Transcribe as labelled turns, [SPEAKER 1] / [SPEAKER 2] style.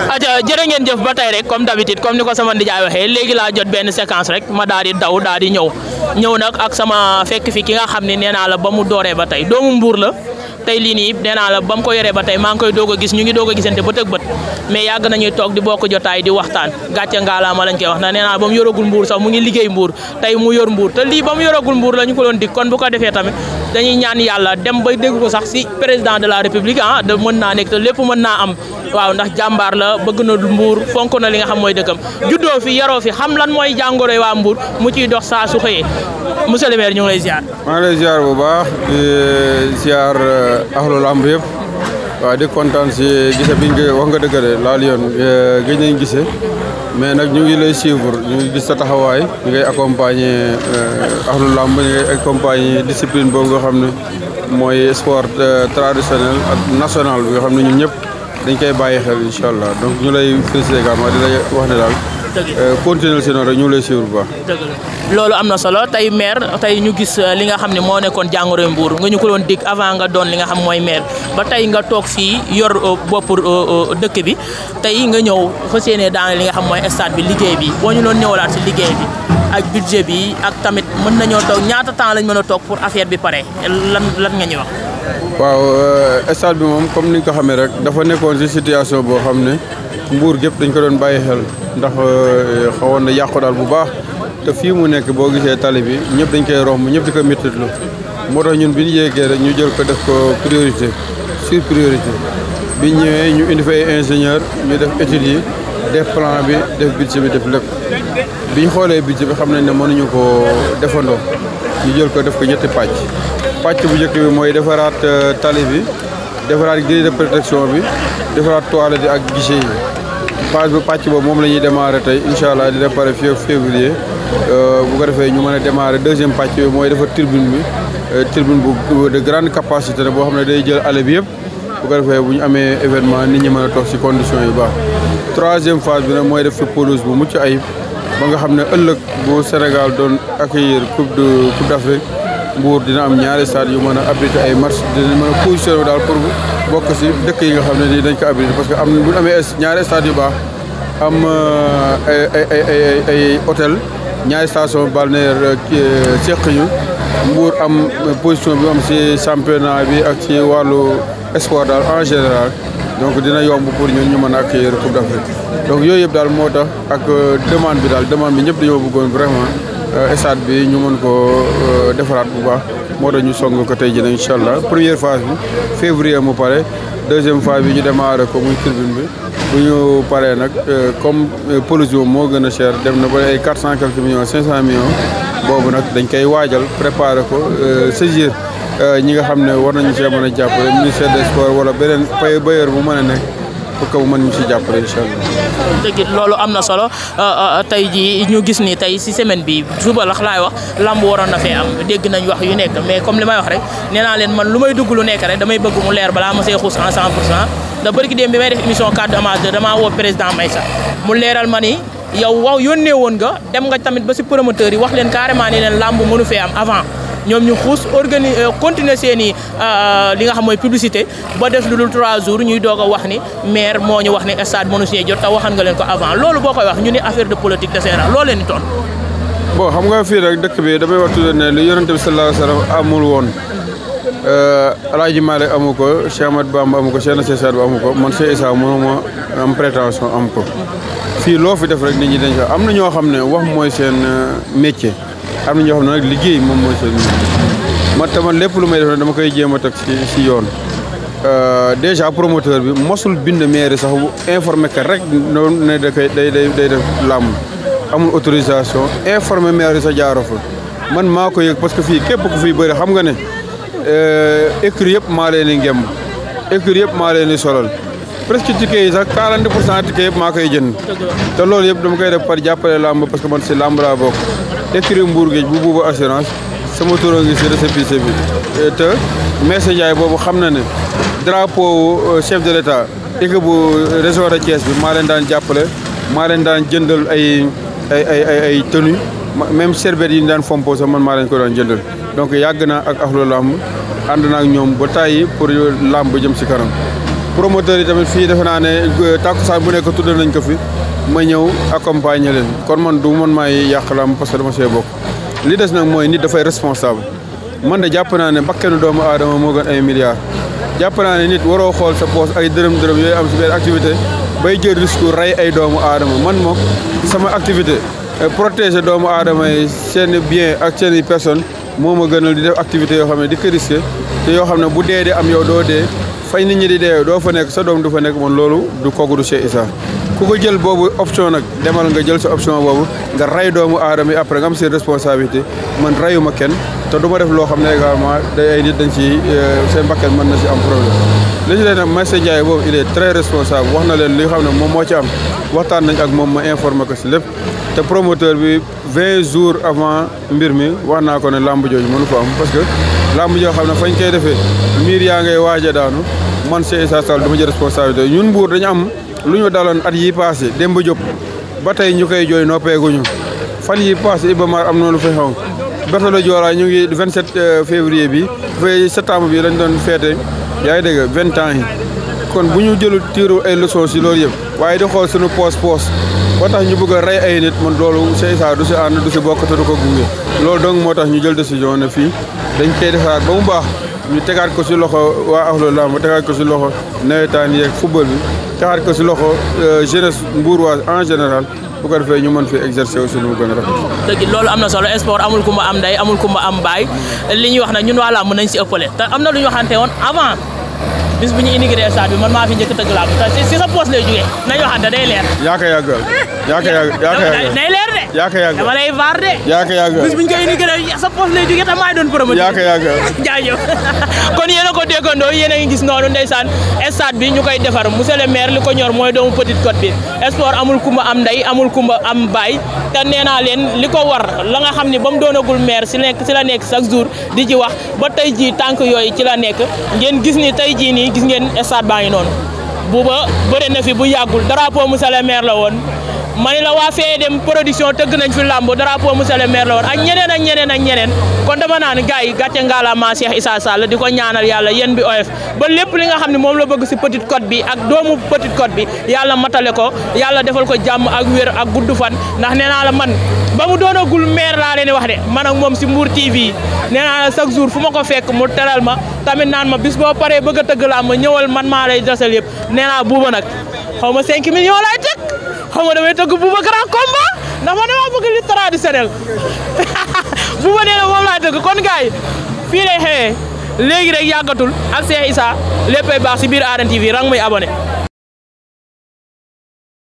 [SPEAKER 1] aca jërë ngeen jëf ba tey rek comme d'habitude comme ni ko sama ndijaay waxee léegi laa jot benn séquence rek ma daal di daw daal di ñëw ñëw nag ak sama fekk fi ki nga xam ne nee naa la ba mu dooree ba tey doomu mbuur la tey lii nii nee naa la ba mu ko yore ba tey maa ngi koy doog gis ñu ngi doog a gisante bët ak bët mais yàgg nañuy toog di bokk jotaay di waxtaan gàcce ngaalaama lañ koy wax na nee naa la ba mu yoragul mbuur sax mu ngi liggéey mbuur tey mu yor mbuur te lii yoragul mbuur la ñu ko doon kon bu ko defee tamit dañuy ñaan yalla dem bay dégg ko sax ci président de la république ah de mëna nek nekk te lépp mëna am waaw ndax jambar la bëgg na mbuur fonk na li nga xam moy dëkkam juddo fi yaro fi xam lan moy jangoro wa mbuur mu ciy dox sa su xey monsieur le maire ñu lay ziar
[SPEAKER 2] ma lay ziar bu baax eh, ziar eh, ahlul amr yëpp waaw di contane si gisse biñu wax nga dëgg la lion yoon eh, nañ mais nag ñu ngi lay suivre ñu ngi gis sa taxawaay ñu ngay accompagner euh, axlu làmb ñu ngay accompagner discipline boobu nga xam ne mooy sport euh, traditionnel ak national bi nga xam ne ñun ñëpp dañ koy bàyyi xel incha allah donc ñu lay félicité également di lay wax ne daal Euh, continuer si noonu rek ñu lay suivre bu
[SPEAKER 1] loolu am na solo tey maire tey ñu gis euh, li nga xam ne moo nekkoon jàngoro Mbour nga ñu ko doon dikk avant nga doon li nga xam mooy maire ba tey nga toog fii yor euh, pour dëkk bi tey nga ñëw fa yéene daanaka li nga xam mooy stade bi liggéey bi boo ñu doon ñëwalaat si liggéey ak budget bi ak tamit mën nañoo toog ñaata temps lañ mën a toog pour affaire bi pare lan nga ñuy wax.
[SPEAKER 2] waaw stade bi moom comme ni nga ko xamee rek dafa nekkoon si situation boo xam ne. nguur gep dañ ko doon baye xel ndax euh, xawon na yakko dal bu baax te fi mu nek bo gisee talibi bi dañ koy romb ñëpp diko mettelu mo do ñun biñu ñu rek ñu jël ko def ko priorité sur priorité bi ñëwee ñu indi fay ingénieur ñu def études yi def plan bi def budget bi def lepp biñ xolé budget bi xam nañ ne mënuñu ko defandoo ñu jël ko def ko ñetti pàcc pàcc bu njëkk bi mooy defaraat euh, tali bi defaraat grille de protection bi defaraat toilette ak guichet yi page bu pàcc boobu moom la ñuy démarrer tey incha allah di déparé fii février euh, bu ko defee ñu mën a démarrer deuxième pàcc bi mooy defa tribune bi euh, tribune bu de grande capacité boo xam ne day jël allée bi yëpp bu defee bu ñu amee événement nit ñi mën a toog ci condition yu baax troisième phase bi nag mooy def fi pelouse bu mucc ay ba nga xam ne ëllëg bu Sénégal doon accueillir coupe de coupe Mbour dina am ñaari stade yu mën a abrité ay match dina mën a positionné daal pour bokk si dëkk yi nga xam ne nii dañ ko abrité parce que am bu amee ñaari stade yu baax am euh, ay ay ay ay hôtel ñaari station balnéaire euh, euh, seq ñu Mbour am position bi am si championnat bi ak si wàllu sport daal en général donc dina yomb pour ñun ñu mën a accueillir Coupe d'Afrique donc yooyu yëpp daal moo tax ak demande bi daal demande bi ñëpp dañoo bëggoon vraiment. Euh, stade bi ñu mën ko euh, defaraat bu baax moo tax ñu song ko tey jii nag allah première phase bi février mu pare deuxième phase bi ñu démarré ko muy tribune bi bu ñu paree nag euh, comme pelouse boobu moo gën a cher dem na ba ay quatre cent quelques millions cinq cent millions boobu nag dañ koy waajal préparé ko saisir ñi nga xam ne war nañu see mën a jàpp ministère de sports wala beneen pay bailleur bu mën a nekk. pour que mu mën ñu si jàppale incha allah.
[SPEAKER 1] dëgg loolu am na solo euh, euh, euh, tey jii ñu gis ni tey si semaine bi suba lax wax lamb waroon na fee am dégg nañ wax yu nekk mais comme li may wax rek nee leen man lu may dugg lu nekk rek damay bëgg mu leer balaa ma see xuus en 100 pour cent da bërki démb bi may def émission cadre amateur woo président Maysa mu leeral ma ni yow waaw yónnee woon nga dem nga tamit ba si promoteur yi wax leen carrément leen lamb mënu fee am avant. ñoom ñu xuus organi euh, continuer seen i euh, li nga xam mooy publicité ba def lu dul trois jours ñuy doog a wax ni maire moo ñu wax ne stade mënu see jot te waxan nga leen avant loolu boo koy wax ñu ne affaire de politique leen di toon
[SPEAKER 2] bon xam nga fii rek dëkk bi damay wax tuddee ne lu yonente bi sallallahu alayhi wa sallam amul woon euh, Alaaji Malick amu ko Cheikh Ahmadou Bamba amu ko Cheikh Nassir Saad amu ko man Cheikh Issa mënuma am prétention am ko fii loo fi def rek ni ñi dañ ko am na ñoo xam ne wax mooy seen métier am na ñoo xam nag liggéey moom mooy seen man tamit lépp lu may def dama koy jéem a teg ci si yoon euh, déjà promoteur bi masul bind mairie sax bu informé que rek noonu ne da koy day day day def làmb amul autorisation informe mairie sa jaaroo fa man maa ko yëg parce que fii képp ku fiy bëri xam nga ne euh, écurie yëpp maa leen di ngem écurie yëpp maa leen di solal presque ticket yi sax 40 pour cent yëpp maa koy jënd te loolu yëpp dama koy def par jàppale làmb parce que man si làmb laa bokk écurie Mbour Géej bu buuba assurance sama turoo ngi si récépissé bi te Meesa Ndiaye boobu xam na ne drapeau euh, chef de l' état bu euh, région de Thiès bi maa leen daan jàppale maa leen daan jëndal ay ay ay ay ay tenues même serbet yi ñu daan fompo sax maa leen ko daan jëndal donc yàgg na ak axlu làmb ànd naa ak ñoom ba tàyyi pour làmb jëm si kanam promoteur yi tamit fii defe naa ne euh, tàkkusaan bu nekk tudd nañ ko fi ma ñëw accompagner leen kon man du man maay yàq ma parce que dama see bokk li des nag mooy nit dafay responsable man de jàpp naa ne bakkanu doomu aadama moo gën ay milliards jàpp naa ne nit waroo xool sa poos ay dërëm dërëm yooyu am si benn activité bay jël risque rey ay doomu aadama man moom sama activité eh, protéger doomu aadama yi seen bien ak seen i personne moo ma gënal di def activité yoo xam ne di ko risqué te yoo xam ne bu dee di am yow doo dee fay nit ñi di dee doo fa nekk sa doom du fa nekk man loolu du kooku Issa ku ko jël boobu option nag demal nga jël sa option boobu nga rey doomu aadama yi après nga am seen responsabilité man reyuma kenn te du ma def loo xam ne également day dañ ci euh, seen bakkan mën na si am problème li ñu leen nag Massé Ndiaye boobu il est très na leen li xam ne moom moo ci am waxtaan nañ ak moom ma informé ko si lépp te promoteur bi jours avant mbir mi wax naa ko ne làmb jooju mënu ko am parce que làmb joo xam ne fañ koy defee miir yaa ngay waaj daanu man Cheikh Issa Sall du ma jël responsabilité ñun Mbour dañ am lu ñu daloon at yi passé démb jóp ba tey ñu koy jooy noppeeguñu fan yi passé Ibamar am noonu fi xew la Diola ñu ngi 27 euh, février bi fe septembre bi lañ doon feete yaa ngi dégg vingt ans yi kon bu ñu jëlu tiiru ay leçons si loolu yëpp waaye di xool suñu poos poos ba tax ñu bëgg a rey ay nit man loolu say saa du si ànd du si bokk te du ko gunge loolu donc moo tax ñu jël décision ne fii dañ koy defaraat ba mu baax ñu tegaat ko si loxo waa ahlu lamb tegaat ko si loxo nawetaan yeeg football bi tegaat ko si loxo jeunesse mbuurwaas en général bu ko defee ñu mën fi exercer aussi lu mu gën a rafet.
[SPEAKER 1] dëgg loolu am na solo sport amul kumba am nday amul kumba am baay li ñuy wax nag ñun waa lamb nañ si ëppale te am na lu ñu waxante woon avant bis bu ñu inauguré stade bi man maa fi njëkk tëgg lamb te si sa poos lay jugee nañ waxante day leer.
[SPEAKER 2] yaa ko yàggal yaa ko yàggal yaa ko yàggal yaa ko yàgg dama lay
[SPEAKER 1] vaar de. yaa ko yàgg bis bu ñu koy indi gën a sa
[SPEAKER 2] poche lay jógee te maa doon promoteur. yaa ko yàgg
[SPEAKER 1] jaajëf kon yéen a ko déggandoo yéen a ngi gis noonu ndeysaan stade bi ñu koy defar monsieur le maire li ko ñor mooy doomu Petite Côte bi sport amul kumba am ndey amul kumba am baay te nee naa leen li ko war la nga xam ne ba mu doonagul maire si nekk si la nekk chaque jour di ci wax ba tey jii tànk yooyu ci la nekk ngeen gis ni tey jii nii gis ngeen stade baa ngi noonu bu ba bëri na fi bu yàggul drapeau monsieur le maire la woon. mani la fe dem production teug nañ fi lamb drapeau monsieur le maire la ak ñeneen ak ñeneen ak ñeneen kon dama naan gaay gatte ngala ma Cheikh Issa Sall di ñaanal yalla yeen bi oyof ba lepp li nga xamni mom la bëgg ci petite côte bi ak doomu petite côte bi yalla matalé ko yalla defal ko jamm ak ah, wër ak ah, guddu fan ndax nee la man ba mu gul maire la leen wax de man ak mom si Mbour TV nena la chaque jour fuma ko fekk mu teral ma tamit naan ma bis bo paré bëgg teug la ma ñëwal man ma lay jassal yépp nee buuba nag 5 millions lay xam nga damay tëgg Bouba grand combat ndax man damaa bëgg li traditionnel Bouba nee na moom laa tëgg kon gaay fii lay xewee léegi rek yàggatul
[SPEAKER 2] ak Cheikh Issa léppay baax si biir Arène TV rang moy abonné